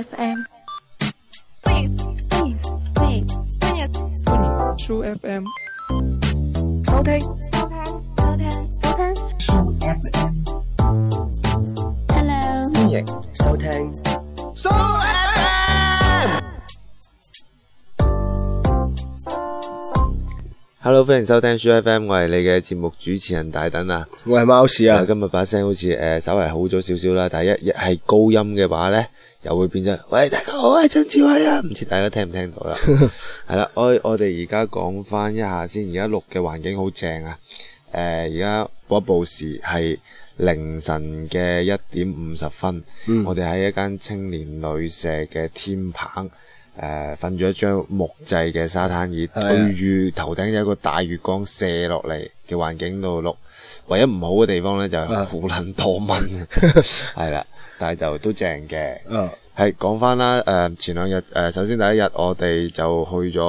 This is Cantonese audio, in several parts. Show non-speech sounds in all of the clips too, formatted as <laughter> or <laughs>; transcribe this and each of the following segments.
F M，歡迎歡迎，Soo FM，收聽收聽收聽收聽，Soo FM，Hello，歡迎收聽 Soo FM，Hello，歡迎收聽 Soo FM，我係你嘅節目主持人大等啊，我係貓屎啊，今日把聲好似誒，稍微好咗少少啦，但係一係高音嘅話咧。又會變咗，喂，大家好，我係張智偉啊，唔知大家聽唔聽到啦？係 <laughs> 啦，我我哋而家講翻一下先，而家錄嘅環境好正啊。誒、呃，而家播部時係凌晨嘅一點五十分，嗯、我哋喺一間青年旅社嘅天棚，誒瞓咗一張木製嘅沙灘椅，對住頭頂有一個大月光射落嚟嘅環境度錄。唯一唔好嘅地方呢，就係好捻多蚊，係啦。 <laughs> 但係就都正嘅，係講翻啦。誒，前兩日，誒，首先第一日我哋就去咗，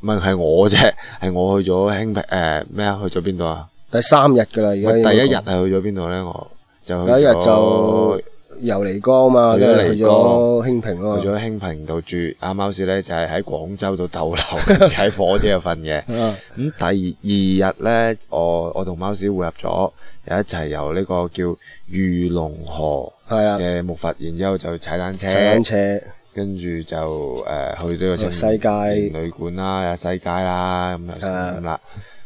唔係係我啫，係我去咗興平，誒，咩啊？去咗邊度啊？第三日噶啦，而家第一日係去咗邊度咧？我就去咗。遊漓江嘛，去咗興平咯，啊，去咗興平度住。阿貓屎咧就係喺廣州度逗留，喺 <laughs> 火車度瞓嘅。咁 <laughs> 第二日咧，嗯，我我同貓屎匯合咗，又一齊由呢個叫御龍河嘅木筏，然之後就踩單車，踩單車跟住就誒，呃，去呢個西街旅館啦，有西街啦咁就咁啦。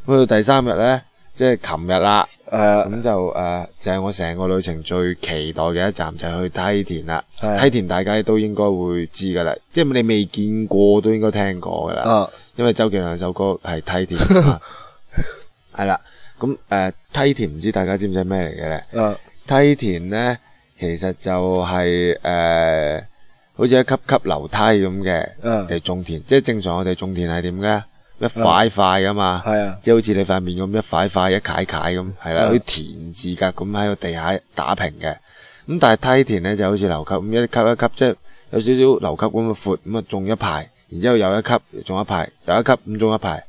咁，啊，到第三日咧。即係琴日啦，咁、uh, 就誒，uh, 就係我成個旅程最期待嘅一站就係、是、去梯田啦。Uh-huh. 梯田大家都應該會知噶啦，即、就、係、是、你未見過都應該聽過噶啦，uh-huh. 因為周杰倫首歌係梯田，係 <laughs> 啦、uh-huh.。咁誒，梯田唔知大家知唔知係咩嚟嘅咧？Uh-huh. 梯田咧其實就係、是、誒，uh, 好似一級級樓梯咁嘅，地、uh-huh. 種田。即係正常我哋種田係點嘅？一塊塊噶嘛，即、嗯、係、啊就是、好似你塊面咁一塊塊一塊塊咁，係啦、啊，似田字格咁喺個地下打平嘅。咁、嗯、但係梯田咧就好似樓級咁一級一級，即、就、係、是、有少少樓級咁嘅闊，咁啊種一排，然之後又一級種一排，又一級咁種一排。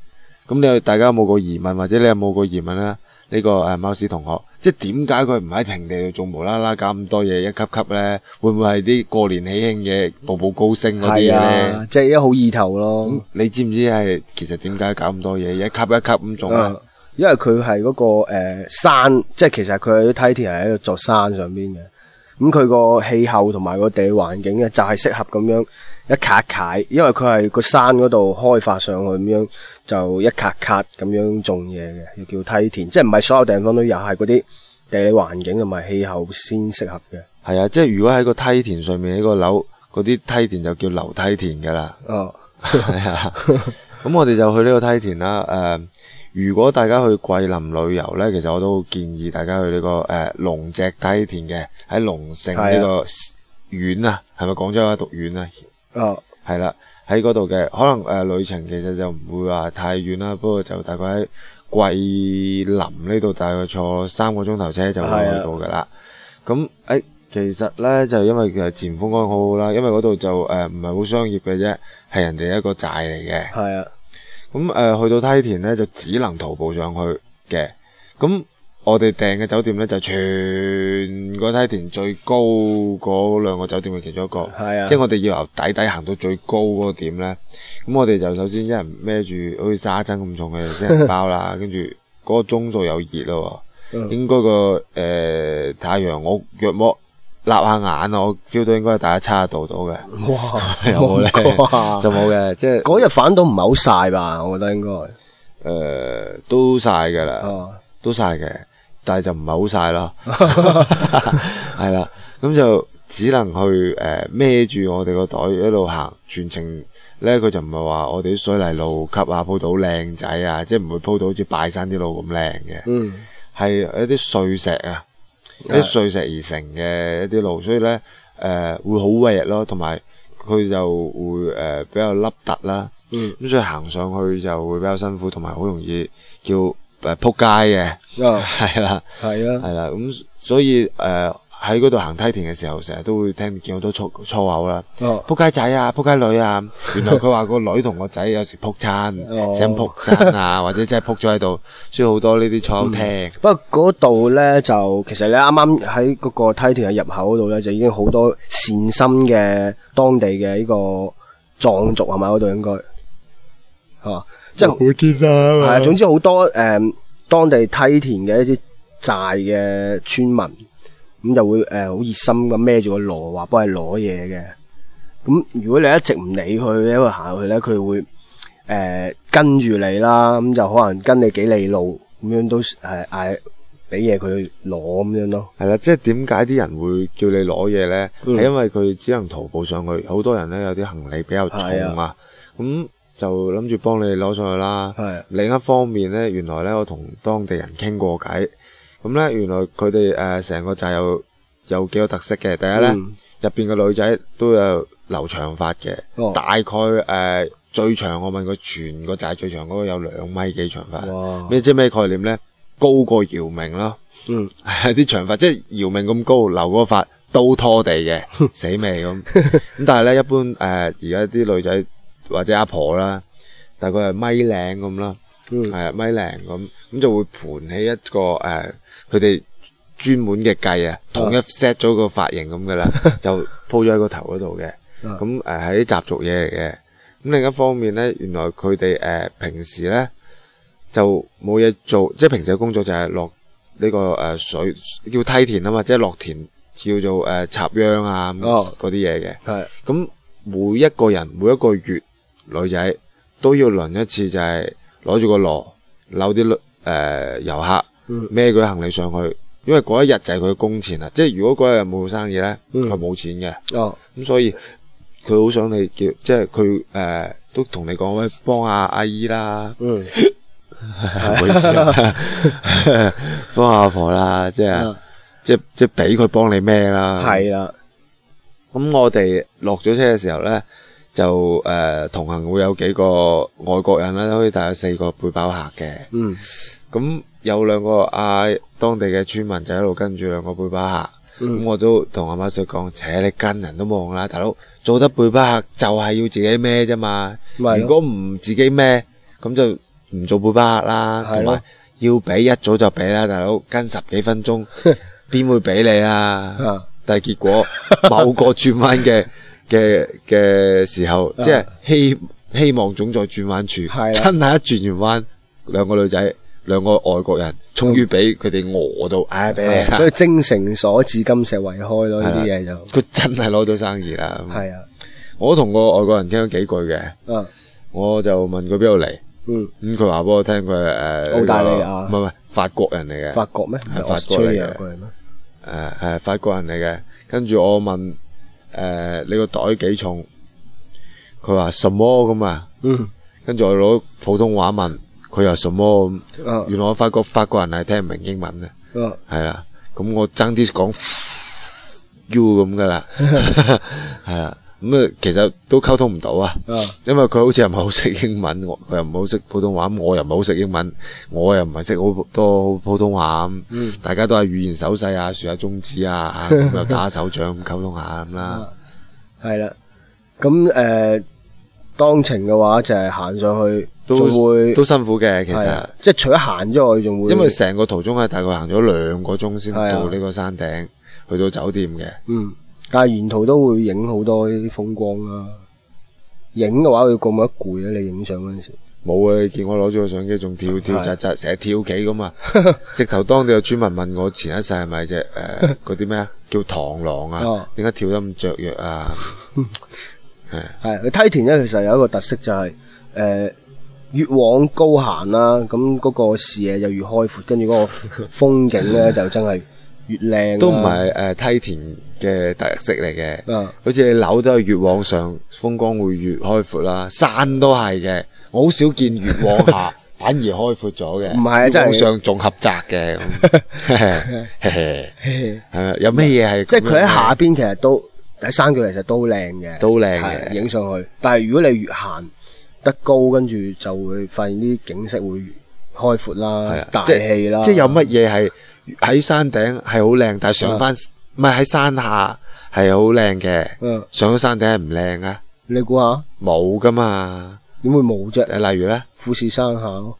咁你大家有冇個疑問，或者你有冇個疑問啦呢、這個誒，貓屎同學，即係點解佢唔喺平地度做無啦啦搞咁多嘢一級一級咧？會唔會係啲過年喜慶嘅步步高升嗰啲、啊、即係一好意頭咯。嗯、你知唔知係其實點解搞咁多嘢一級一級咁做啊、嗯？因為佢係嗰個誒、呃、山，即係其實佢啲梯田係喺一座山上邊嘅。咁佢個氣候同埋個地理環境咧，就係適合咁樣。一卡一卡，因為佢係個山嗰度開發上去咁樣，就一卡一卡咁樣種嘢嘅，又叫梯田，即係唔係所有地方都有，係嗰啲地理環境同埋氣候先適合嘅。係啊，即係如果喺個梯田上面喺個樓，嗰啲梯田就叫樓梯田噶啦。哦，係啊，咁 <laughs> 我哋就去呢個梯田啦。誒、呃，如果大家去桂林旅遊呢，其實我都建議大家去呢、這個誒龍、呃、脊梯田嘅，喺龍勝呢個縣啊，啊，係咪廣州一獨縣啊？哦，係啦，喺嗰度嘅，可能誒、呃、旅程其實就唔會話太遠啦，不過就大概喺桂林呢度大概坐三個鐘頭車就可以去到噶啦。咁誒、欸，其實呢，就因為誒前風光好好啦，因為嗰度就誒唔係好商業嘅啫，係人哋一個寨嚟嘅。啊，咁誒、呃、去到梯田呢，就只能徒步上去嘅，咁。我哋訂嘅酒店咧，就係、全個梯田最高嗰兩個酒店嘅其中一個，啊、即係我哋要由底底行到最高嗰個點咧。咁我哋就首先一人孭住好似沙僧咁重嘅啲人包啦，跟住嗰個鐘數又熱咯，應該、嗰個誒、呃、太陽我若麼立下眼啊，我 feel 到應該係大家差得度到嘅。哇！ <laughs> 有冇咧， <laughs> 就冇、係、嘅，即係嗰日反倒唔係好晒吧？我覺得應該誒都晒㗎啦，都晒嘅。啊但係就唔係好晒囉，係啦，咁就只能去誒孭住我哋個袋一路行。全程咧佢就唔係話我哋啲水泥路級啊，鋪到好靚仔啊，即係唔會鋪到好似拜山啲路咁靚嘅，係、嗯、一啲碎石啊，一啲碎石而成嘅一啲路，所以咧誒、呃、會好滑咯，同埋佢就會誒、呃、比較凹凸啦。咁、嗯、所以行上去就會比較辛苦，同埋好容易叫。嗯誒，撲街嘅，係啦，係啊，係啦，咁、哦、所以誒喺嗰度行梯田嘅時候，成日都會聽見好多粗粗口啦，撲、哦、街仔啊，撲街女啊，原來佢話個女同個仔有時撲親想撲親啊， <laughs> 或者真係撲咗喺度，所以好多、嗯、呢啲粗口。不過嗰度咧就其實你啱啱喺嗰個梯田嘅入口嗰度咧，就已經好多善心嘅當地嘅呢個藏族係咪嗰度應該，即係好艱難，係啊，總之好多誒、嗯、當地梯田嘅一啲寨嘅村民咁、嗯、就會誒好熱心咁孭住個籮話幫你攞嘢嘅。咁、嗯、如果你一直唔理佢，一路行落去咧，佢會誒、嗯、跟住你啦。咁、嗯、就可能跟你幾里路咁樣都係嗌俾嘢佢攞咁樣咯。係啦，即係點解啲人會叫你攞嘢咧？係、mm-hmm. 因為佢只能徒步上去，好多人咧有啲行李比較重啊，咁。就諗住幫你攞上去啦、啊。另一方面呢，原來呢，我同當地人傾過偈。咁呢，原來佢哋誒成個寨有有幾多特色嘅？第一呢，入邊個女仔都有留長髮嘅、哦，大概誒、呃、最長我問佢全個寨最長嗰個有兩米幾長髮，你知咩概念呢？高過姚明咯，係、嗯、啲 <laughs> 長髮即係姚明咁高留嗰個髮都拖地嘅， <laughs> 死未咁。咁 <laughs> 但係呢，一般誒而家啲女仔。或者阿婆啦，大概係咪靚咁啦，係、嗯、啊咪靚咁，咁就會盤起一個誒，佢哋專門嘅計啊，統一 set 咗個髮型咁噶啦，就鋪咗喺個頭嗰度嘅，咁誒係啲習俗嘢嚟嘅。咁另一方面咧，原來佢哋誒平時咧就冇嘢做，即係平時嘅工作就係落呢個誒水叫梯田啊嘛，即係落田叫做誒、呃、插秧啊嗰啲嘢嘅。係、哦，咁每一個人每一個月。女仔都要輪一次就拿，就係攞住個籮，扭啲誒遊客，孭佢行李上去，因為嗰一日就係佢嘅工錢啊！即係如果嗰日冇生意咧，佢、嗯、冇錢嘅。哦，咁所以佢好想你叫，即係佢誒都同你講，喂，幫下阿姨啦，唔、嗯、 <laughs> 好意思啦，幫 <laughs> <laughs> 下阿婆啦，即係、嗯、即係即係俾佢幫你孭啦。係啦，咁我哋落咗車嘅時候咧。就誒、呃、同行會有幾個外國人啦，可以帶有四個背包客嘅。嗯，咁有兩個啊當地嘅村民就喺度跟住兩個背包客。咁、嗯、我都同阿媽仔講，扯你跟人都冇用啦，大佬做得背包客就係要自己孭啫嘛。如果唔自己孭，咁就唔做背包客啦。同埋要俾一早就俾啦，大佬跟十幾分鐘邊 <laughs> 會俾你啊？ <laughs> 但係結果某個轉彎嘅。 <laughs> 嘅嘅時候，即係希希望總在轉彎處，真係一轉完彎，兩個女仔，兩個外國人，終於俾佢哋餓到，哎，俾你，所以精誠所至，金石為開咯，呢啲嘢就佢真係攞到生意啦。係啊，我同個外國人傾咗幾句嘅，嗯，我就問佢邊度嚟？嗯，咁佢話俾我聽，佢係誒，澳大利亞，唔係唔係法國人嚟嘅，法國咩？係法國嚟嘅，誒誒，法國人嚟嘅，跟住我問。誒，你個袋幾重？佢話什麼咁啊？嗯，跟住我攞普通話問，佢又什麼咁？嗯，原來我發覺法國人係聽唔明英文嘅。嗯，係啦，咁我爭啲講 you 咁噶啦，係啦。咁啊，其實都溝通唔到啊，因為佢好似又唔係好識英文，佢又唔係好識普通話，我又唔係好識英文，我又唔係識好多普通話、嗯、大家都係語言手勢啊，豎下中指啊，又 <laughs> 打手掌咁溝通下咁啦，係、嗯、啦，咁誒、呃，當程嘅話就係、是、行上去，會都會都辛苦嘅，其實，即係除咗行之外，仲會因為成個途中係大概行咗兩個鐘先到呢個山頂，去到酒店嘅，嗯。但係沿途都會影好多啲風光啦、啊。影嘅話，會咁鬼攰啊！你影相嗰陣時，冇啊！你見我攞住個相機，仲跳跳扎紮，成日跳棋咁啊！ <laughs> 直頭當地有村民問我前一世係咪隻誒嗰啲咩啊？叫螳螂啊？點 <laughs> 解跳得咁雀躍啊？係。 <laughs> 係，佢梯田咧，其實有一個特色就係誒越往高行啦、啊，咁嗰個視野就越開闊，跟住嗰個風景咧就真係。 <laughs> <laughs> 越靚都唔係誒梯田嘅特色嚟嘅，好似你樓都係越往上風光會越開闊啦，山都係嘅，我好少見越往下反而開闊咗嘅。唔係啊，真係上仲狹窄嘅。有咩嘢係？即係佢喺下邊其實都喺山腳其實都靚嘅，都靚嘅，影上去。但係如果你越行得高，跟住就會發現啲景色會越。開闊啦，係啊，大氣啦，即係有乜嘢係喺山頂係好靚，但係上返唔係喺山下係好靚嘅，上咗山頂係唔靚啊？你估下？冇噶嘛？點會冇啫？例如咧，富士山下咯。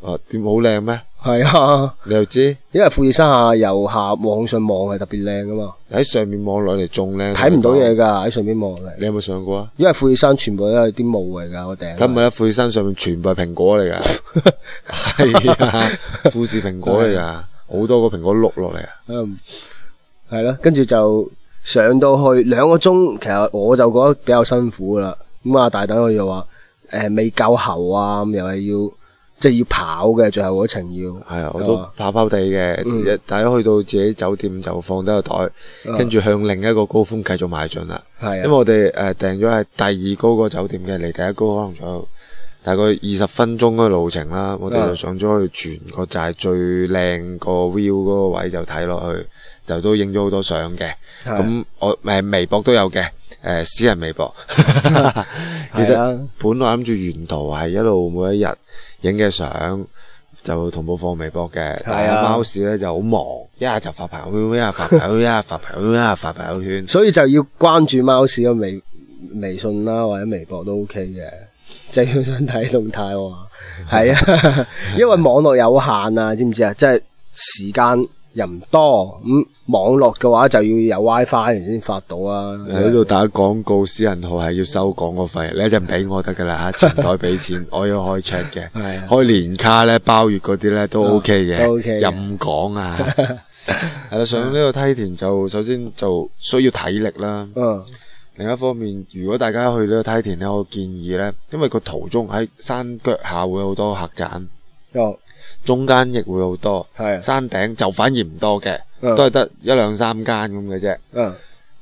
哦，點冇好靚咩？係啊，你又知，因為富士山下由下往上望係特別靚噶嘛。喺上面望落嚟仲靚，睇唔到嘢噶，喺上面望落嚟。你有冇上過啊？因為富士山全部都係啲霧嚟噶，我頂。咁咪喺富士山上面全部係蘋果嚟噶，係 <laughs> <laughs> 是啊， <laughs> 富士蘋果嚟噶，好、啊、多個蘋果碌落嚟啊。嗯，係咯、啊，跟住就上到去兩個鐘，其實我就覺得比較辛苦啦。咁啊，大隊佢又話，誒，未夠喉啊，又係要。即係要跑嘅，最後嗰程要係啊，我都跑跑地嘅，大、嗯、家去到自己酒店就放低個袋，跟住向另一個高峰繼續邁進啦。係，因為我哋誒、呃、訂咗係第二高個酒店嘅，嚟，第一高可能仲有大概二十分鐘嘅路程啦。我哋就上咗去全個就係最靚個 view 嗰個位就睇落去，就都影咗好多相嘅。咁我誒、呃、微博都有嘅。誒私人微博， <laughs> 啊、其實本來諗住沿途係一路每一日影嘅相就同步放微博嘅，啊、但係貓屎咧就好忙，一下就發朋友圈，一下發朋友圈，一下發朋友圈， <laughs> 一下發朋友圈，一下發朋友圈，一下發朋友圈，所以就要關注貓屎嘅微微信啦或者微博都 OK 嘅，即係要想睇動態喎，係啊， <laughs> 是啊 <laughs> 因為網絡有限啊，知唔知啊？即係時間。人多咁，網絡嘅話就要有 WiFi 先發到啊！喺度打廣告，私人號係要收廣告費， <laughs> 你一陣俾我得噶啦吓，前台俾錢， <laughs> 我要開 check 嘅，開年卡咧包月嗰啲咧都 OK 嘅、嗯 OK，任講啊！ <laughs> 上呢個梯田就 <laughs> 首先就需要體力啦、嗯。另一方面，如果大家去呢個梯田咧，我建議咧，因為個途中喺山腳下會有好多客棧。哦中間亦會好多，係、啊、山頂就反而唔多嘅、嗯，都係得一兩三間咁嘅啫。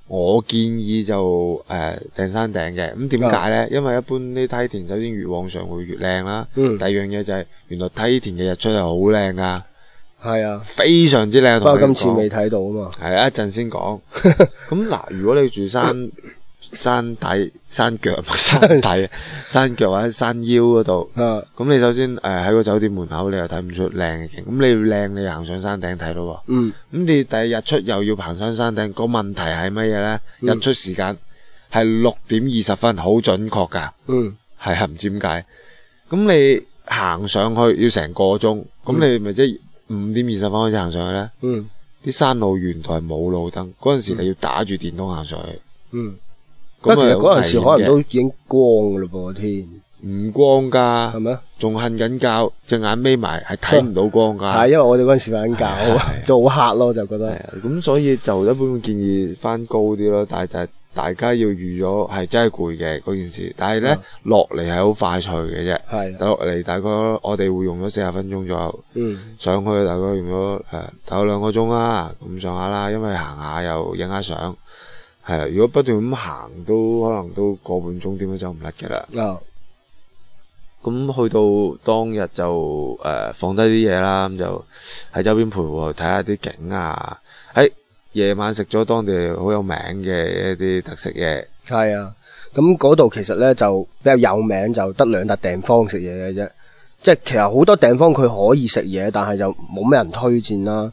我建議就誒訂、呃、山頂嘅，咁點解呢、嗯？因為一般啲梯田首先越往上會越靚啦、嗯，第二樣嘢就係原來梯田嘅日出係好靚㗎，係啊，非常之靚。同埋今次未睇到啊嘛，係啊，一陣先講。咁嗱， <laughs> 如果你住山。嗯山底、山腳、不是山底、 <laughs> 山腳或者山腰嗰度，咁 <laughs> 你首先誒喺、呃、個酒店門口你你，你又睇唔出靚嘅景。咁你要靚，你行上山頂睇咯。嗯，咁你第二日出又要爬上山頂。個問題係乜嘢呢？嗯、日出時間係六點二十分，好準確噶。嗯，係啊，唔知點解。咁你行上去要成個鐘，咁、嗯、你咪即係五點二十分開始行上去呢？嗯，啲山路沿途冇路燈，嗰陣時你要打住電筒行上去。嗯。不過其實嗰陣時可能都已經光嘞噃天，唔光噶，係咪？仲瞓緊覺，隻眼眯埋，係睇唔到光噶。係因為我哋嗰陣時瞓緊覺，做客咯，就覺得。咁所以就一般建議翻高啲咯，但係大家要預咗係真係攰嘅嗰件事。但係咧落嚟係好快脆嘅啫，係落嚟大概我哋會用咗四十分鐘左右，嗯，上去大概用咗誒頭兩個鐘啦咁上下啦，因為行下又影下相。係啦，如果不斷咁行，都可能都個半鐘，點樣走唔甩嘅啦。嗱、哦，咁去到當日就誒、呃、放低啲嘢啦，咁就喺周邊徘徊睇下啲景啊。喺、哎、夜晚食咗當地好有名嘅一啲特色嘢。係啊，咁嗰度其實咧就比較有名，就得兩笪地方食嘢嘅啫。即係其實好多地方佢可以食嘢，但係就冇咩人推薦啦。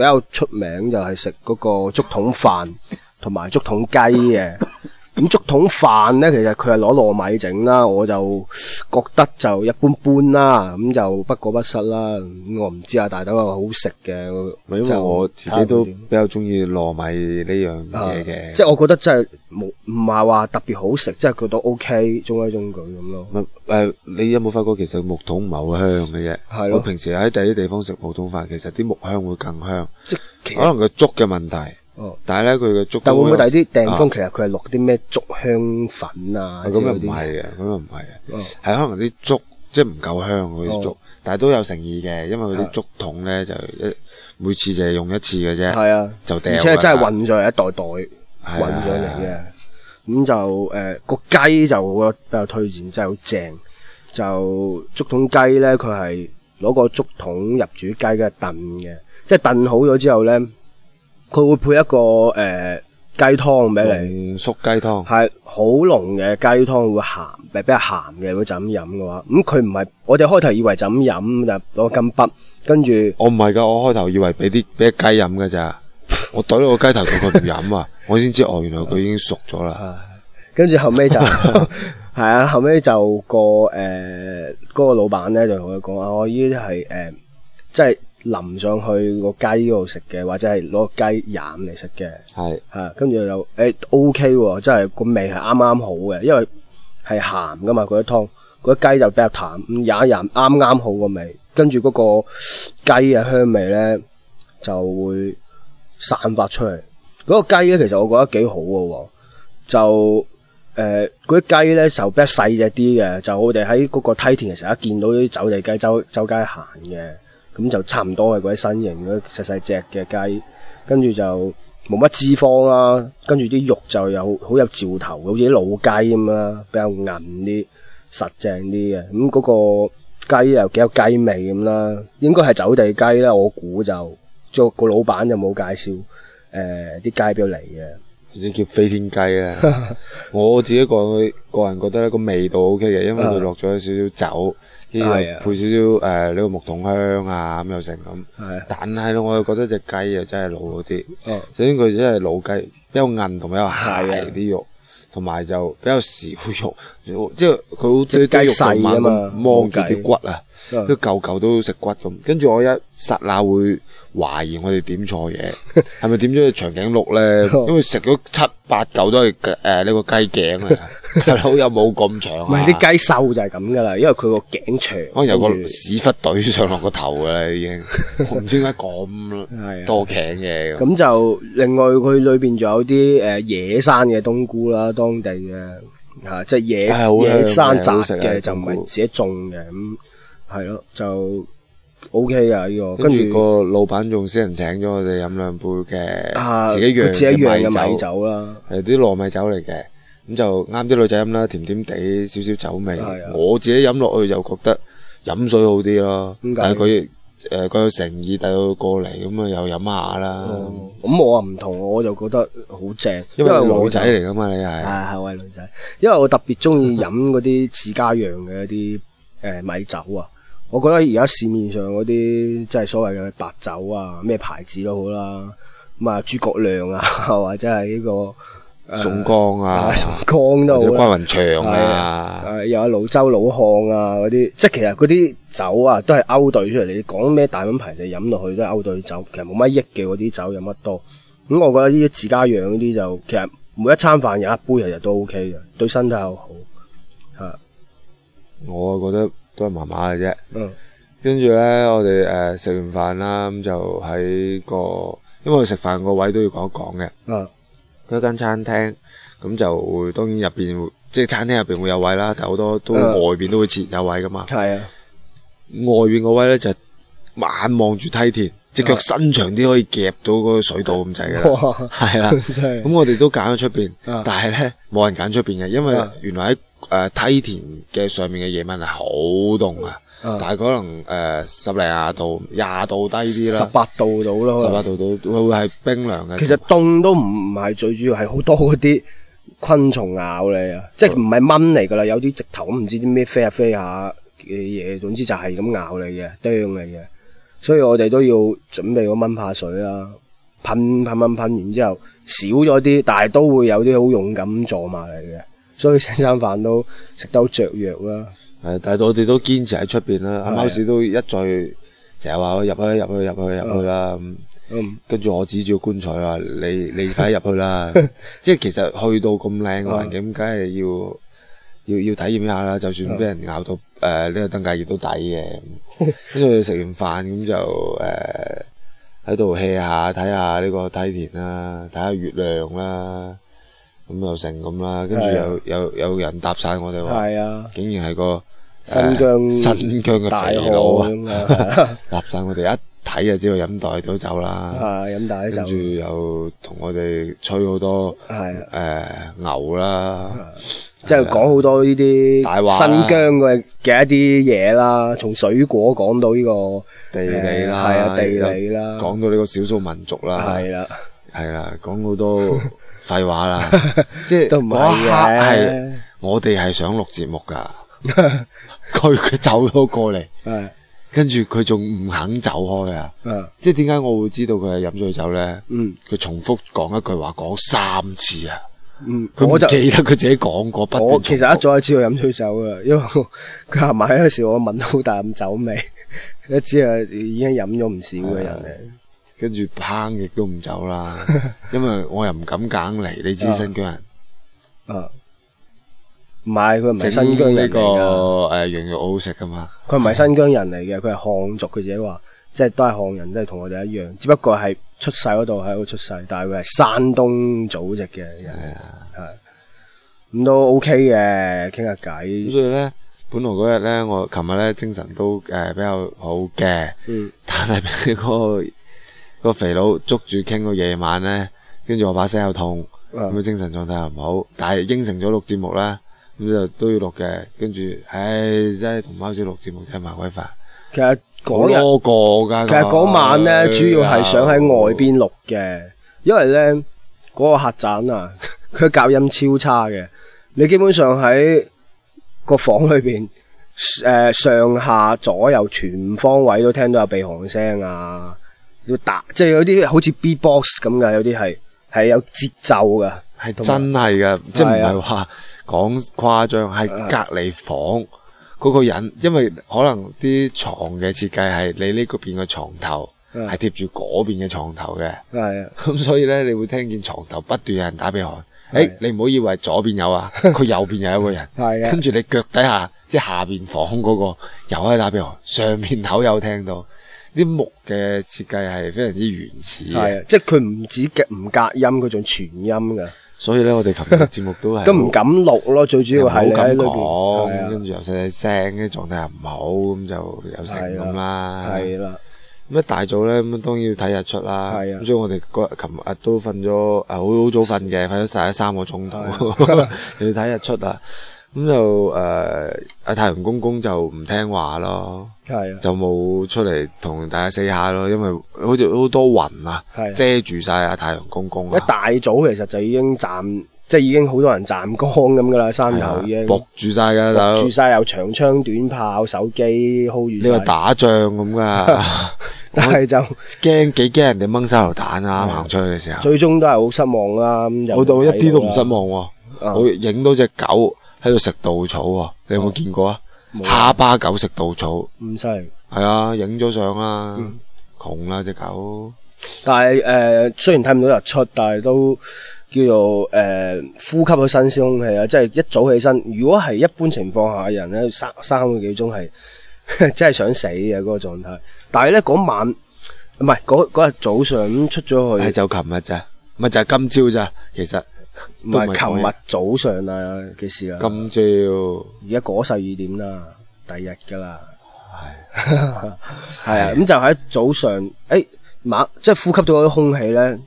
比較出名就係食嗰個竹筒飯同埋竹筒雞嘅。碗竹筒飯咧，其實佢係攞糯米整啦，我就覺得就一般般啦，咁就不過不失啦。我唔知啊，大豆有好食嘅，就我自己都比較中意糯米呢樣嘢嘅。即係我覺得真係冇唔係話特別好食，即係佢都 OK，中規中矩咁咯。誒，你有冇發覺其實木桶唔係好香嘅啫？係咯。我平時喺第啲地方食木桶飯，其實啲木香會更香。即其實可能佢竹嘅問題。但係咧，佢嘅竹，但會唔會抵啲訂方？其實佢係落啲咩竹香粉啊？咁又唔係嘅，咁又唔係嘅，係、啊哦、可能啲竹、哦、即係唔夠香嗰啲竹，哦、但係都有誠意嘅，因為佢啲竹筒咧就一每次就係用一次嘅啫，係啊，就掉。而且真係運上一袋袋、啊、混咗嚟嘅，咁、啊、就誒個、呃、雞就好，比較推薦，真係好正。就竹筒雞咧，佢係攞個竹筒入煮雞嘅燉嘅，即係燉好咗之後咧。佢會配一個誒雞湯俾你，熟雞湯係好濃嘅雞湯，會鹹，比比較鹹嘅。如果就咁飲嘅話，咁佢唔係我哋開頭以為就咁飲就攞根筆跟住。我唔係噶，我開頭以為俾啲俾雞飲噶咋，我懟咗個雞頭佢唔飲啊，我先知哦，原來佢已經熟咗啦。跟、啊、住後尾就係 <laughs> 啊，後尾就個誒嗰、呃那個老闆咧就同佢講啊，我已經係誒即係。淋上去個雞嗰度食嘅，或者係攞個雞鹽嚟食嘅，係，跟住又誒，O K，真係個味係啱啱好嘅，因為係咸噶嘛，嗰啲湯，嗰啲雞就比較淡，咁也鹽啱啱好個味，跟住嗰個雞嘅香味咧就會散發出嚟。嗰、嗰個雞咧，其實我覺得幾好嘅喎，就誒嗰啲雞咧就比較細隻啲嘅，就我哋喺嗰個梯田嘅時候，一見到啲走地雞周周街行嘅。咁就差唔多係嗰啲身形嗰細細隻嘅雞，跟住就冇乜脂肪啦，跟住啲肉就有好有嚼頭，好似啲老雞咁啦，比較韌啲、實正啲嘅。咁嗰個雞又幾有雞味咁啦，應該係走地雞啦，我估就即係個老闆就冇介紹誒啲雞畀嚟嘅。啲叫飛天雞啊！我自己講，個人覺得咧個味道 OK 嘅，因為佢落咗少少酒。啲嘢配少少誒呢個木桶香啊，咁又成咁，但係咧我又覺得隻雞又真係老啲，首先佢真係老雞，比較硬同埋又蟹啲肉，同埋就比較少肉，即係佢好細啊嘛，剝住啲骨啊，都嚿嚿都食骨咁。跟住我一剎那會懷疑我哋點錯嘢，係咪點咗長頸鹿咧？因為食咗七八嚿都係誒呢個雞頸啊！老又冇咁長，唔係啲雞瘦就係咁噶啦，因為佢個頸長，可能有個屎忽隊上落個頭噶啦，已經。唔知點解咁多頸嘅。咁就另外佢裏邊仲有啲誒野生嘅冬菇啦，當地嘅吓即係野野生摘嘅，就唔係自己種嘅咁，係咯，就 OK 啊，呢個。跟住個老闆仲先人請咗我哋飲兩杯嘅，自己釀嘅米酒啦，係啲糯米酒嚟嘅。咁就啱啲女仔飲啦，甜甜地少少酒味，啊。我自己飲落去就覺得飲水好啲咯。但係佢誒佢有誠意帶到過嚟，咁啊又飲下啦。咁、嗯、我啊唔同，我就覺得好正，因為女仔嚟噶嘛，你係係係位女仔。因為我特別中意飲嗰啲自家釀嘅一啲誒米酒啊，嗯，我覺得而家市面上嗰啲即係所謂嘅白酒啊，咩牌子都好啦。咁啊，諸葛亮啊，或者係呢、呢個。宋江啊，啊宋江都好，或者關雲長啊，誒，又、啊啊、有老、啊、州老窖啊嗰啲，即係其實嗰啲酒啊，都係勾兌出嚟。你講咩大品牌就飲落去都係勾兌酒，其實冇乜益嘅。嗰啲酒飲得多，咁我覺得呢啲自家養嗰啲就，其實每一餐飯有一杯日日都 OK 嘅，對身體又好。吓，我啊覺得都係麻麻嘅啫。嗯，跟住咧，我哋誒食完飯啦，咁就喺個，因為食飯個位都要講一講嘅。嗯。一間餐廳，咁就會當然入邊，即、就、係、是、餐廳入邊會有位啦。但好多都外邊都會設有位噶嘛。係、uh, 啊，外邊個位咧就眼望住梯田，只、uh, 腳伸長啲可以夾到個水道咁滯噶啦。係、uh, 啊，咁 <laughs> 我哋都揀咗出邊，uh, 但係咧冇人揀出邊嘅，因為原來喺誒、uh, 梯田嘅上面嘅夜晚係好凍啊。Uh, 大、啊、概可能誒、呃、十零廿度、廿度低啲啦，十八度到啦，十八度到、嗯，會會係冰涼嘅。其實凍都唔係最主要，係好多嗰啲昆蟲咬你啊、嗯，即係唔係蚊嚟噶啦，有啲直頭唔知啲咩飛呀飛下嘅嘢，總之就係咁咬你嘅，啄你嘅。所以我哋都要準備個蚊怕水啦，噴噴噴噴完之後少咗啲，但係都會有啲好勇敢坐埋嚟嘅，所以成餐飯都食得好著藥啦。係，但係我哋都堅持喺出邊啦，阿貓屎都一再成日話我入去入去入去入去啦，咁、嗯、跟住，我指住棺材話：你你快入去啦！ <laughs> 即係其實去到咁靚嘅環境，梗 <laughs> 係要要要體驗一下啦。就算俾人咬到誒、呢、呃，這個登革熱都抵嘅。跟住食完飯咁就誒喺度戲下，睇下呢個梯田啦，睇下月亮啦。咁又成咁啦，跟住有、啊、有有人搭訕我哋話、啊，竟然係個新疆、啊、新疆嘅肥佬啊！搭 <laughs> 訕我哋一睇就知道飲袋都走啦，飲、啊、袋。跟住又同我哋吹好多誒、啊嗯呃、牛啦，啊啊、即係講好多呢啲大話新疆嘅嘅一啲嘢啦，從水果講到呢、呢個地理啦，地理啦，講、呃啊、到呢個少數民族啦，係啦、啊，係啦、啊，講好、啊、多。 <laughs> 廢話啦，即係嗰刻係我哋係想錄節目噶，佢 <laughs> 佢走咗過嚟，跟住佢仲唔肯走開啊？即係點解我會知道佢係飲醉酒咧？嗯，佢重複講一句話講三次啊，嗯，我就記得佢自己講過。我其實我再一再次知道飲醉酒噶，因為佢行埋嗰時候我聞到好大啖酒味，一知係已經飲咗唔少嘅人嚟。跟住烹亦都唔走啦， <laughs> 因為我又唔敢揀嚟，你知新疆人，啊，唔係佢唔係新疆人嚟噶，誒羊肉好好食噶嘛，佢唔係新疆人嚟嘅，佢、嗯、係漢族，佢自己話即係都係漢人，即係同我哋一樣，只不過係出世嗰度喺度出世，但係佢係山東祖籍嘅人，係、哎、咁都 OK 嘅，傾下偈。所以咧，本來嗰日咧，我琴日咧精神都誒、呃、比較好嘅，嗯，但係嗰個。個肥佬捉住傾到夜晚呢，跟住我把聲又痛，咁精神狀態又唔好，但係應承咗錄節目啦，咁就都要錄嘅。跟住，唉，真係同貓仔錄節目真係麻鬼煩。其實嗰日噶，其實嗰晚呢，主要係想喺外邊錄嘅，因為呢，嗰、那個客棧啊，佢隔音超差嘅，你基本上喺個房裏邊，誒、呃、上下左右全方位都聽到有鼻鼾聲啊。嗯要即係有啲好似 B-box 咁嘅，有啲係係有節奏嘅，係真係嘅，即係唔係話講誇張，係、啊、隔離房嗰、啊嗰個人，因為可能啲床嘅設計係你呢邊嘅床頭係貼住嗰邊嘅床頭嘅，係咁、啊、所以呢，你會聽見床頭不斷有人打鼻鼾。誒、啊欸，你唔好以為左邊有啊，佢右邊有一個人，係跟住你腳底下即係下邊房嗰、嗰個又可以打鼻鼾，上面口有聽到。啲木嘅設計係非常之原始，係啊，即係佢唔止唔隔音，佢仲傳音噶。所以咧，我哋琴日節目都係都唔敢錄咯，最主要係你喺裏邊，跟住又細細聲，啲狀態又唔好，咁就有成咁啦。係啦，咁一大早咧，咁當然要睇日出啦。係啊，所以我哋琴日都瞓咗，誒好好早瞓嘅，瞓咗大約三個鐘頭， <laughs> 就要睇日出啊。咁就誒，阿、呃、太陽公公就唔聽話咯，係，就冇出嚟同大家死下咯，因為好似好多雲啊，遮住晒阿太陽公公、啊。一大早其實就已經站，即、就、係、是、已經好多人站崗咁噶啦，山頭已經伏住晒噶啦，住晒又長槍短炮、手機好 o 你話打仗咁噶？ <laughs> <laughs> 但係是就驚幾驚人哋掹手榴彈啊，行出去嘅時候。最終都係好失望啦，好到、嗯、到一啲都唔失望，我影到隻狗。喺度食稻草喎、哦，你有冇見過啊？哈、哦、巴狗食稻草，唔犀。係啊，影咗相啊，窮、嗯、啦隻狗。但係誒、呃，雖然睇唔到日出，但係都叫做誒、呃，呼吸咗新鮮空氣啊！即係一早起身，如果係一般情況下嘅人咧，三三個幾鐘係真係想死嘅嗰、那個狀態。但係咧嗰晚唔係嗰日早上出咗去，哎、就琴日咋，咪就係、是、今朝咋，其實。唔係琴日早上啊，其事啦，今朝，而家過世二點啦，第日噶啦，係，係 <laughs> 啊，咁就喺早上，誒，猛，即係呼吸到嗰啲空氣咧，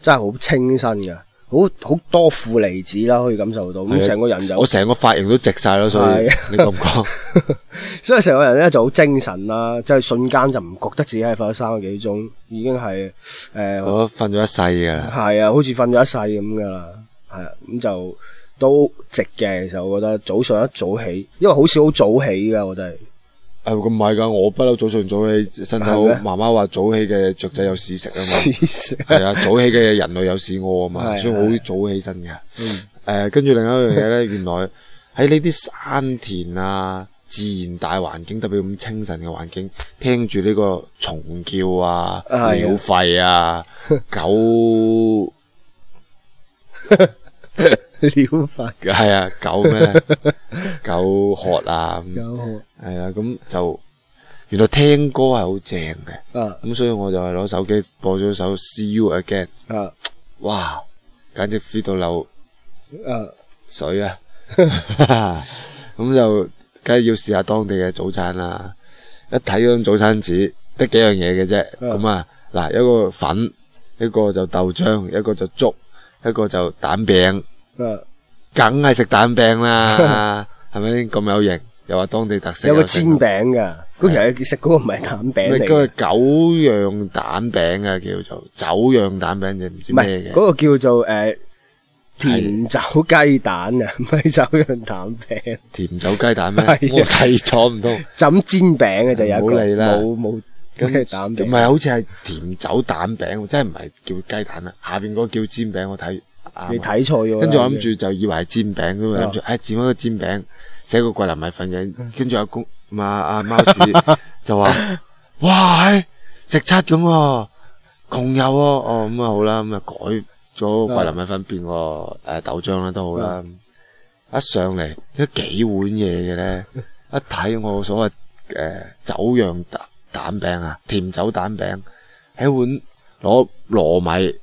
真係好清新㗎，好好多負離子啦，可以感受到，咁成個人就我成個髮型都直曬啦，所以你咁唔 <laughs> 所以成個人咧就好精神啦，即係瞬間就唔覺得自己係瞓咗三個幾鐘，已經係誒、呃，我瞓咗一世噶啦，係啊，好似瞓咗一世咁噶啦。係啊，咁就都值嘅。其實我覺得早上一早起，因為好少好早起噶，我哋係咁唔係噶，我不嬲早上早起，身，後媽媽話早起嘅雀仔有屎食啊嘛，係 <laughs> 啊，早起嘅人類有屎屙 <laughs> 啊嘛，所以好早起身嘅。誒、啊嗯啊，跟住另一樣嘢咧，原來喺呢啲山田啊， <laughs> 自然大環境，特別咁清晨嘅環境，聽住呢個蟲叫啊、鳥吠啊，啊、狗。 <laughs> 了凡係啊，狗咩？狗殼啊，狗殼係啦。咁就原來聽歌係好正嘅。咁所以我就攞手機播咗首《See You Again》。哇，簡直飛到流誒水啊！咁就梗係要試下當地嘅早餐啦。一睇嗰種早餐紙，得幾樣嘢嘅啫。咁啊，嗱，一個粉，一個就豆漿，一個就粥。一個就蛋餅，梗係食蛋餅啦，係咪咁有型？又話當地特色，有個煎餅噶，嗰其實食嗰個唔係蛋餅，唔係嗰個酒釀蛋餅啊，叫做酒釀蛋餅就唔知咩嘅？嗰個叫做誒甜酒雞蛋啊，唔係酒釀蛋餅，甜酒雞蛋咩？我睇錯唔通？枕煎餅啊，就有一個冇嚟啦，冇冇。咁蛋唔係，好似係甜酒蛋餅，真係唔係叫雞蛋啦。下邊嗰個叫煎餅，我睇。啊你睇錯咗。跟住我諗住就以為係煎餅，咁啊諗住，哎煎翻個煎餅，寫個桂林米粉嘅。跟住阿公 <laughs> 啊阿貓屎就話， <laughs> 哇、哎，食七咁、哦，窮遊哦。哦，咁啊好啦，咁啊改咗桂林米粉 <laughs> 變個誒、呃、豆漿啦，都好啦。 <laughs> 一上嚟，一幾碗嘢嘅咧，一睇我所謂誒、呃、酒釀蛋餅啊，甜酒蛋餅，喺碗攞糯米，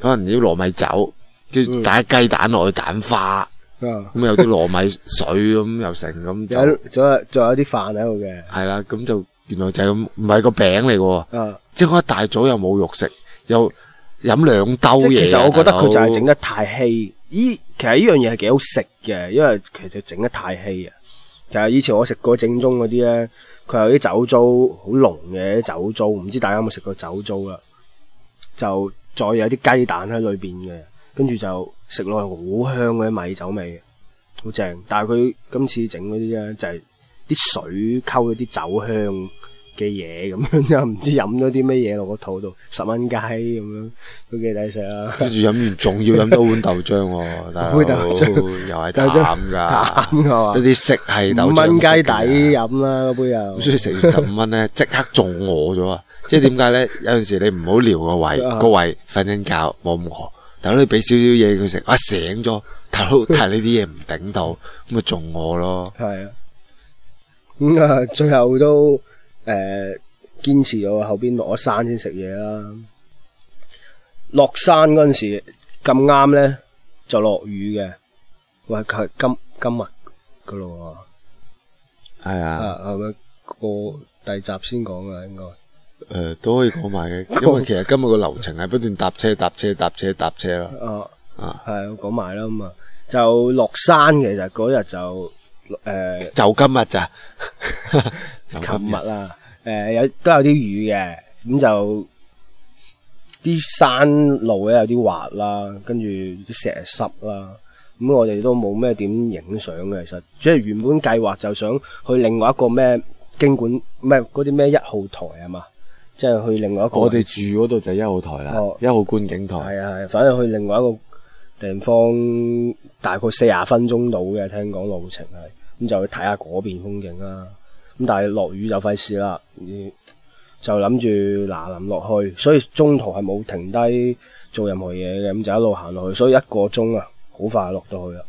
可能啲糯米酒，叫打雞蛋落去蛋花，咁有啲糯米水咁、嗯、 <laughs> 又成，咁仲有有啲飯喺度嘅。係啦，咁就原來就係、是、咁，唔係個餅嚟喎。即係一大早又冇肉食，又飲兩兜嘢。其實我覺得佢就係整得太稀，咦，其實呢樣嘢係幾好食嘅，因為其實整得太稀啊。其實以前我食過正宗嗰啲咧。佢有啲酒糟好濃嘅酒糟，唔知大家有冇食過酒糟啦？就再有啲雞蛋喺裏邊嘅，跟住就食落係好香嘅米酒味，好正。但係佢今次整嗰啲咧，就係啲水溝嗰啲酒香。嘅嘢咁樣，又唔知飲咗啲咩嘢落個肚度，十蚊雞咁樣都幾抵食啊！跟住飲完，仲要飲多碗豆漿、啊、 <laughs> 杯豆漿喎，豆漿又係淡噶，淡一啲食係豆漿，五蚊雞抵飲啦，嗰杯又。所以食完十五蚊咧， <laughs> 餓 <laughs> 即刻仲餓咗啊！即係點解咧？有陣時你唔好撩個胃，個胃瞓緊覺冇餓，大佬你俾少少嘢佢食，啊醒咗，頭頭呢啲嘢唔頂到，咁咪仲餓咯。係啊，咁啊最後都。誒、呃，堅持咗後邊落咗山先食嘢啦，落山嗰陣時咁啱咧就落雨嘅，喂佢今今日噶咯喎，係、哎、啊，係咪個第二集先講啊？應該誒、呃、都可以講埋嘅， <laughs> 因為其實今日個流程係不斷搭車搭車搭車搭車啦，哦，啊係，我講埋啦咁啊，就落山其實嗰日就。誒、呃、就今日咋？琴日啊，誒 <laughs> 有、啊呃、都有啲雨嘅，咁就啲山路咧有啲滑啦，跟住啲石濕啦，咁我哋都冇咩點影相嘅。其實即係原本計劃就想去另外一個咩經管，咩嗰啲咩一號台啊嘛，即係、就是、去另外一個。我哋住嗰度就一號台啦、哦，一號觀景台。係啊係，反正去另外一個地方大概四十分鐘到嘅，聽講路程係。咁就去睇下嗰邊風景啦，咁但係落雨就費事啦，就諗住嗱臨落去，所以中途係冇停低做任何嘢嘅，咁就一路行落去，所以一個鐘啊，好快落到去啦，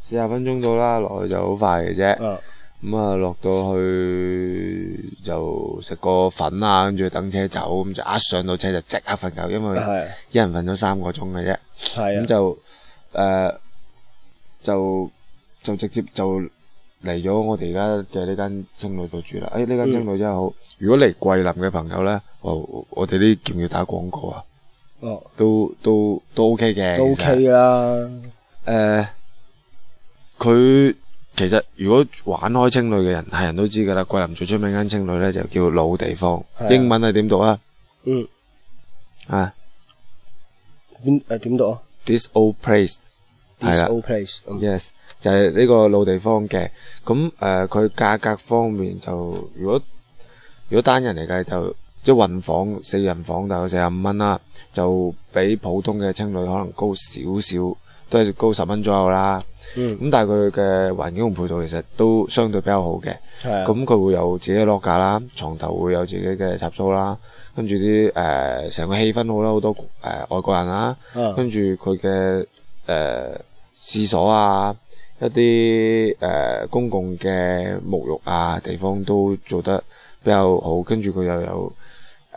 四十分鐘到啦，落去就好快嘅啫。咁啊，落到去就食個粉啊，跟住等車走，咁就一上到車就即刻瞓覺，因為一人瞓咗三個鐘嘅啫。咁、啊、就誒、呃，就就直接就。嚟咗我哋而家嘅呢間青旅度住啦，哎呢間青旅真係好。如果嚟桂林嘅朋友咧，我我哋啲叫唔要打廣告啊？哦，都都都 OK 嘅。都 OK 啊。誒，佢其實如果玩開青旅嘅人，係人都知噶啦。桂林最出名間青旅咧就叫老地方，英文係點讀啊？嗯。啊？邊誒點讀啊？This old place。This old place。係啦。Yes. 就係、是、呢個老地方嘅，咁誒佢價格方面就如果如果單人嚟計就即係混房四人房大概四十五蚊啦，就比普通嘅青旅可能高少少，都係高十蚊左右啦。嗯，咁但係佢嘅環境同配套其實都相對比較好嘅，咁佢、啊、會有自己嘅 lock 架啦，床頭會有自己嘅插蘇啦，跟住啲誒成個氣氛好啦，好多、呃、外國人啦，嗯、跟住佢嘅誒廁所啊，一啲誒、呃、公共嘅沐浴啊地方都做得比較好，跟住佢又有誒、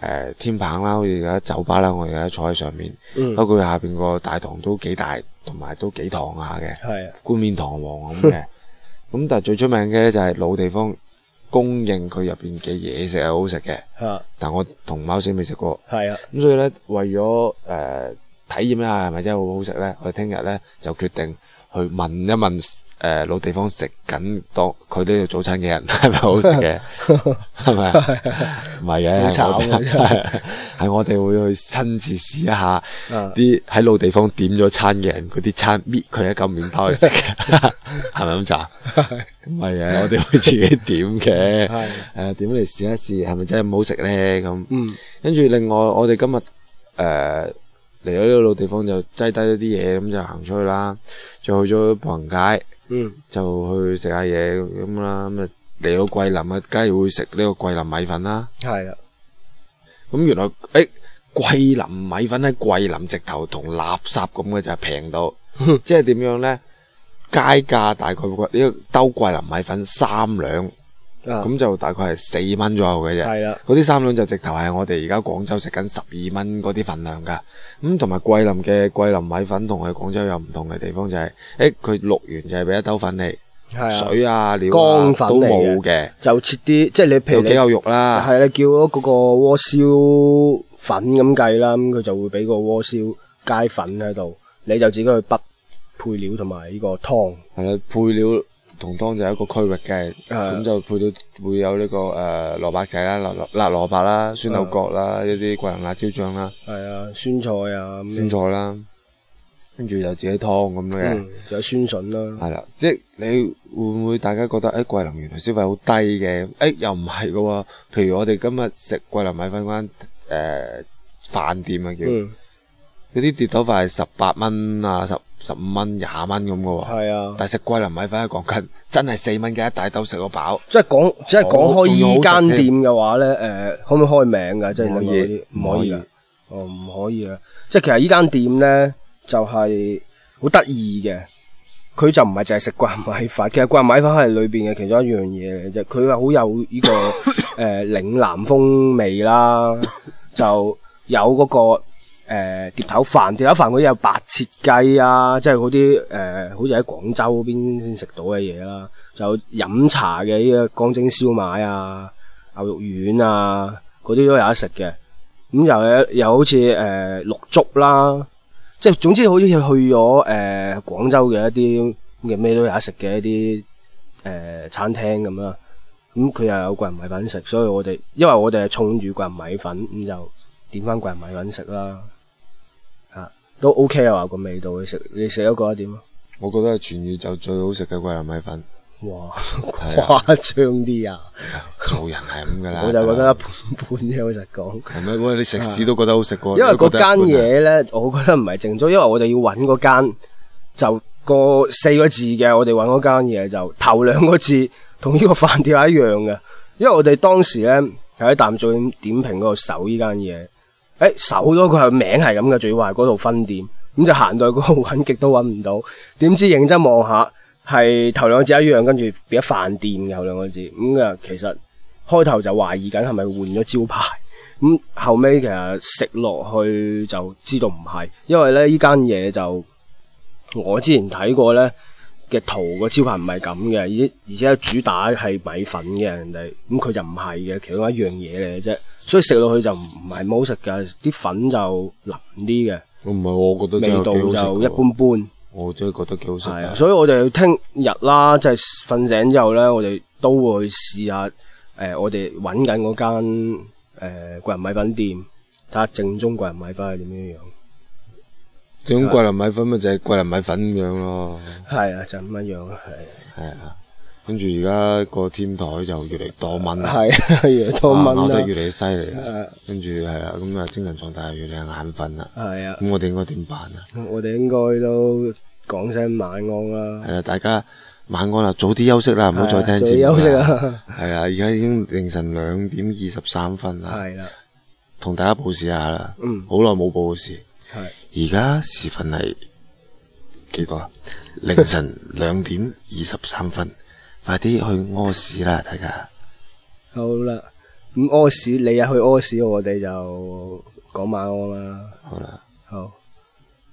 呃、天棚啦、啊，好似而家酒吧啦，我哋而家坐喺上面，包、嗯、括下邊個大堂都幾大，同埋都幾堂下嘅，係啊，冠冕堂皇咁嘅。咁 <laughs> 但係最出名嘅咧就係老地方供應佢入面嘅嘢食係好食嘅，但我同貓少未食過，係啊。咁所以咧，為咗誒、呃、體驗一下係咪真係好好食咧，我哋聽日咧就決定。去問一問誒、呃、老地方食緊當佢呢個早餐嘅人係咪好食嘅？係 <laughs> 咪不是？唔係嘅，好 <laughs> 係我哋 <laughs> <laughs> 會去親自試一下啲喺 <laughs> 老地方點咗餐嘅人嗰啲餐搣佢一嚿麵包去食嘅，係咪咁臭？唔係嘅，我哋會自己點嘅，誒、 <laughs> <laughs> 呃、點嚟試一試係咪真係唔好食咧？咁，嗯，跟住另外我哋今日誒、呃嚟咗呢個老地方就擠低一啲嘢，咁就行出去啦，就去咗步行街，嗯、就去食下嘢咁啦。咁啊嚟到桂林啊，梗係會食呢個桂林米粉啦。係啦，咁原來誒，桂林米粉喺桂林直頭同垃圾咁嘅就係平到， <laughs> 即係點樣咧？街價大概呢、這個、兜桂林米粉三兩。咁、嗯、就大概係四蚊左右嘅啫，嗰啲三兩就直頭係我哋而家廣州食緊十二蚊嗰啲份量噶咁同埋桂林嘅桂林米粉同喺廣州有唔同嘅地方就係，誒佢淥完就係俾一兜粉你，水啊料啊乾粉都冇嘅，就切啲即係你譬如你有幾有肉啦，係你叫咗嗰個鍋燒粉咁計啦，咁佢就會俾個鍋燒街粉喺度，你就自己去揀配料同埋呢個湯，配料。同湯就係一個區域嘅，咁就配到會有呢個誒蘿蔔仔啦、辣辣辣蘿蔔啦、酸豆角啦、一啲桂林辣椒醬啦，係啊，酸菜啊，酸菜啦，跟住有自己湯咁樣嘅，有酸筍啦，係啦，即係你會唔會大家覺得誒桂林原來消費好低嘅？誒又唔係噶，譬如我哋今日食桂林米粉嗰間誒飯店啊叫，嗰啲碟頭飯係十八蚊啊十。十五蚊、廿蚊咁嘅喎，係啊！但係食桂林米粉，係講緊真係四蚊嘅一大兜食個飽。即係講，即係講開呢間店嘅話咧，誒，可唔可以開名嘅？即係唔可以，唔可以啊。哦，唔可以啊！即係其實呢間店咧，就係好得意嘅。佢就唔係淨係食桂林米粉，其實桂林米粉係裏邊嘅其中一樣嘢嚟，就佢話好有呢個誒嶺南風味啦，就有嗰個。誒、嗯，碟頭飯，碟頭飯啲有白切雞啊，即係嗰啲誒，好似喺廣州嗰邊先食到嘅嘢啦。就飲茶嘅呢個乾蒸燒賣啊，牛肉丸啊，嗰啲都有得食嘅。咁、嗯、又有又好似誒，碌、呃、粥啦，即、就、係、是、總之好似去咗誒廣州嘅一啲嘅咩都有得食嘅一啲誒、呃、餐廳咁啦。咁、嗯、佢又有桂林米粉食，所以我哋因為我哋係衝住桂林米粉咁、嗯、就。點翻桂林米粉食啦，吓都 OK 啊！個味道，你食，你食咗覺得點啊？我覺得係全宇宙最好食嘅桂林米粉。哇，誇張啲啊！做人係咁噶啦，我就覺得一般般啫。老實講，係咪，喂，你食屎都覺得好食過、啊。因為嗰間嘢咧，我覺得唔係正宗，因為我哋要揾嗰間，就個四個字嘅，我哋揾嗰間嘢就頭兩個字同呢個飯店係一樣嘅，因為我哋當時咧喺《大眾點評》嗰度搜呢間嘢。誒、欸，搜咗佢個名係咁嘅，最壞嗰度分店，咁就行到去嗰度搵極都搵唔到，點知認真望下係頭兩個字一樣，跟住變咗飯店嘅後兩個字，咁啊、嗯、其實開頭就懷疑緊係咪換咗招牌，咁、嗯、後尾其實食落去就知道唔係，因為咧呢間嘢就我之前睇過咧嘅圖個招牌唔係咁嘅，而而且主打係米粉嘅人哋，咁、嗯、佢就唔係嘅，其中一樣嘢嚟嘅啫。所以食落去就唔係咁好食㗎，啲粉就腍啲嘅。唔係，我覺得好味道就一般般。我真係覺得幾好食。係啊，所以我哋聽日啦，即係瞓醒之後咧，我哋都會去試下。誒、呃，我哋搵緊嗰間誒桂林米粉店，睇下正宗桂林米粉係點樣樣？正宗桂林米粉咪就係桂林米粉咁樣咯。係啊，就咁樣咯。係啊。跟住而家個天台就越嚟多蚊啦，係、啊、越嚟多蚊啦、啊，咬得越嚟越犀利。跟住係啦，咁啊精神狀態越嚟越眼瞓啊。係啊，咁我哋應該點辦啊？我哋應該都講聲晚安啦。係啦、啊，大家晚安啦，早啲休息啦，唔好再聽節目啦。係啊，而家已經凌晨兩點二十三分啦。係啦、啊，同大家報時下啦。嗯。好耐冇報時。係、啊。而家時分係幾多啊？凌晨兩點二十三分。 <laughs> 快啲去屙屎啦，大家。好啦，咁屙屎你又去屙屎，我哋就講晚安啦。好啦，好，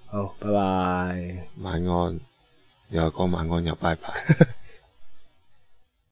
好，拜拜。晚安，又講晚安，又拜拜。 <laughs>